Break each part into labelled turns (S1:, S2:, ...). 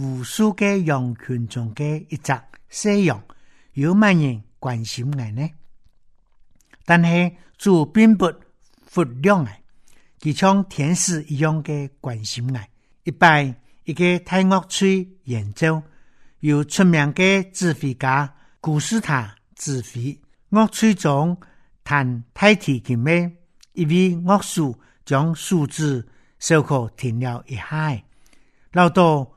S1: 無數個羊群中的一隻細羊，有乜人關心佢呢？但是，佢並不善良嘅，就像天使一樣嘅關心佢。一擺一個大樂隊演奏，由出名的指揮家古斯塔指揮，樂隊中彈大提琴嘅，一位樂手將樹枝燒烤停了一下，老多。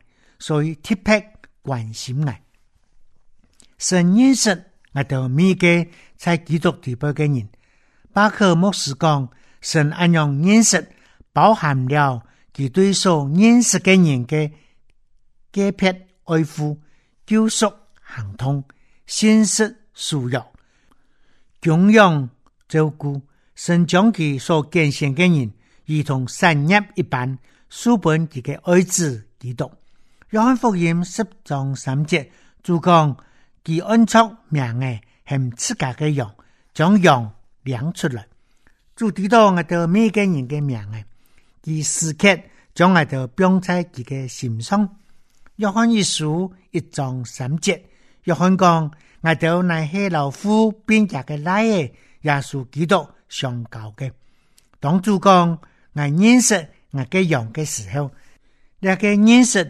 S1: 所以特別關心你，神認識愛到每個在基督裡邊嘅人，巴克牧師講，神安用認識包含了其對所認識的人的隔別愛護、救贖、行通、現實需要、供養照顧，神將其所揀選的人，如同神人一般，書本佢嘅愛子基督。約翰福音十章三節，主講其安出名嘅係唔自家嘅羊將羊領出來，主提到我哋每個人嘅名嘅，其時刻將我哋放在佢嘅心上。約翰一書一章三節，約翰講，我哋乃係老夫變價嘅奶嘅耶穌基督相交嘅，當主講我認識我嘅羊嘅時候，那個認識。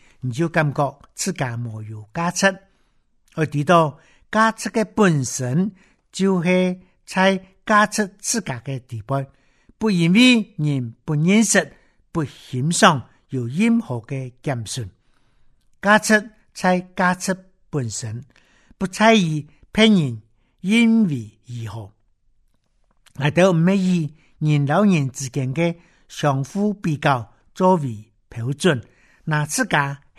S1: 你就感覺自家沒有價值，而提到價值嘅本身，就係在價值自家嘅地板，不因為人不認識、不欣賞有任何嘅減損。價值在價值本身，不參與別人因為如何，我哋唔以年老人之間嘅相互比較作為標準，拿自家。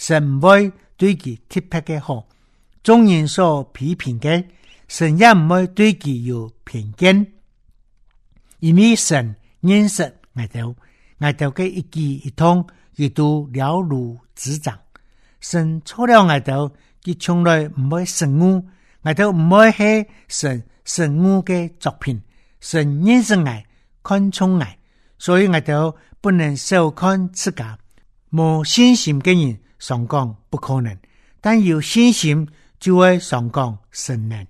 S1: 神唔會對其特別嘅好，眾人所批評嘅，神也唔會對其有偏見，因為神認識外頭，外頭嘅一舉一動，佢都了如指掌。神錯了外頭，佢從來唔會神惡，外頭唔會係神神惡嘅作品，神認識外，看重外，所以外頭不能小看自家，冇信心嘅人。上崗不可能，但有信心神就會上崗。勝任，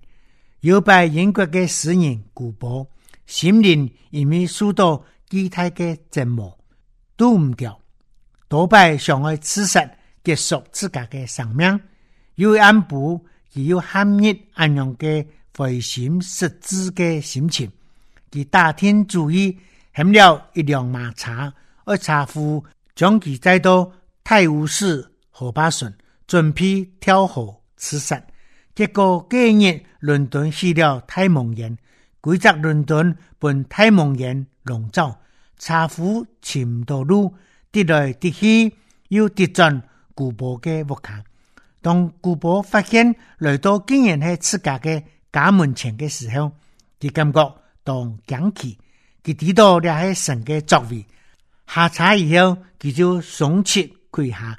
S1: 有拜英國嘅詩人古柏，心靈因為受到巨大嘅折磨，逃唔掉，多拜上要自殺結束自家嘅生命。有安部，佢有暗日暗用嘅灰心失志嘅心情，佢大天主意，喊了一輛馬車，二車夫將其載到泰晤士。何巴遜準備跳河自殺，結果隔日倫敦起了太蒙岩。整座倫敦被太蒙岩籠罩。查甫潛唔到路跌來跌去，又跌進古堡嘅屋檐。當古堡發現來到竟然係自家嘅家門前嘅時候，佢感覺當驚奇，佢知道了係神嘅作為。下車以後，佢就松切跪下。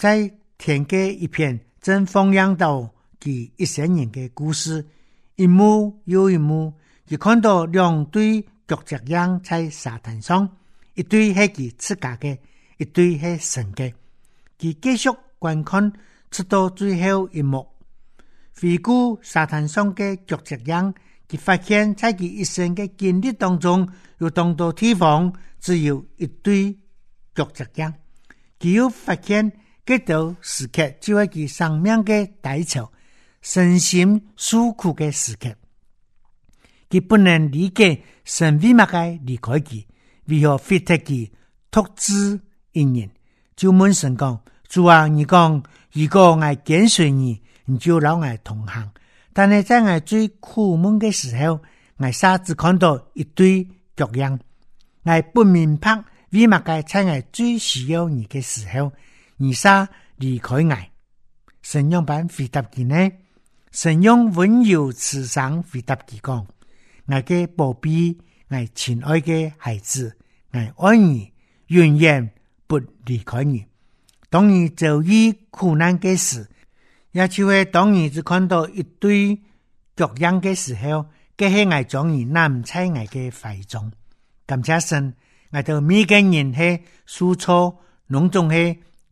S1: 在田加一片，曾放養到其一生人嘅故事，一幕又一幕，佢看到兩對腳趾印在沙灘上，一對係佢自家嘅，一對係神嘅，佢繼續觀看，直到最後一幕。回顧沙灘上嘅腳趾印，佢發現在佢一生嘅經歷當中，有好多地方只有一對腳趾印，佢又發現。吉多時刻，就係佢生命嘅大潮，身心受苦嘅時刻。佢不能理解神為乜嘢離開佢，為何非得佢獨自一人。就問神講：主啊，你講如果我跟隨你，你就老我同行。但係在我最苦悶嘅時候，我傻子看到一堆腳印，我不明白為乜嘢在我最需要你嘅時候。二三離開崖，神樣般回答佢呢？神用溫柔慈祥回答佢講：，我嘅寶貝，我親愛嘅孩子，我愛你，永遠不離開你。當遇到苦難嘅時，也就係當你只看到一堆腳印嘅時候，皆係我將你攬在我嘅懷中。咁且神我同每個人係疏初濃重嘅。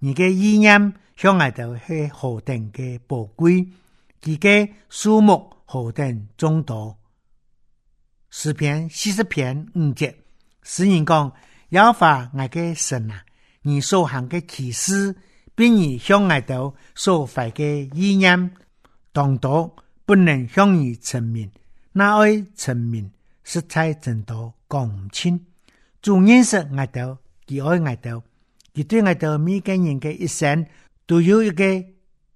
S1: 你嘅意念向外頭去何等嘅寶貴，自個數目何等眾多？篇十篇四十篇，五，嗯、節，詩人講，要法挨個神啊！你所行嘅起事，並與向外頭所懷嘅意念同多，當不能向你成名。那會成名？實在眾多，講唔清。主認識外頭，第二外頭。而對外頭每個人嘅一生，都有一個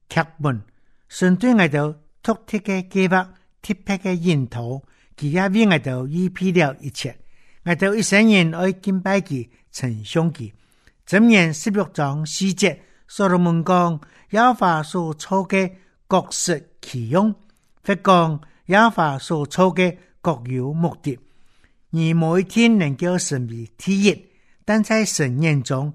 S1: 劇本；神對外頭獨特嘅計劃、特別嘅引導，佢也為外頭預備了一切。外頭一生人愛敬拜佢、稱頌佢，箴言十六章四節，所羅門講亞法所造的各適其用，佛講亞法所造的各有目的。而每一天能夠成為體驗，但在神眼中。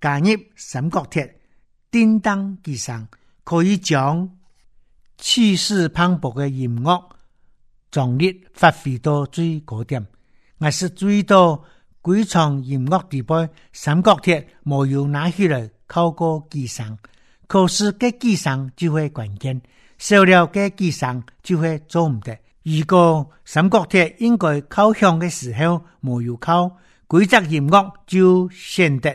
S1: 加入三角鐵，叮當機上可以將氣勢磅礴的音樂壯烈發揮到最高點。但是注意到，最到改唱音樂時，三角鐵冇有拿起來敲個機上，可是，該機上就會關鍵，少了該機上就會做唔得。如果三角鐵應該敲響的時候冇有敲，改則音樂就顯得。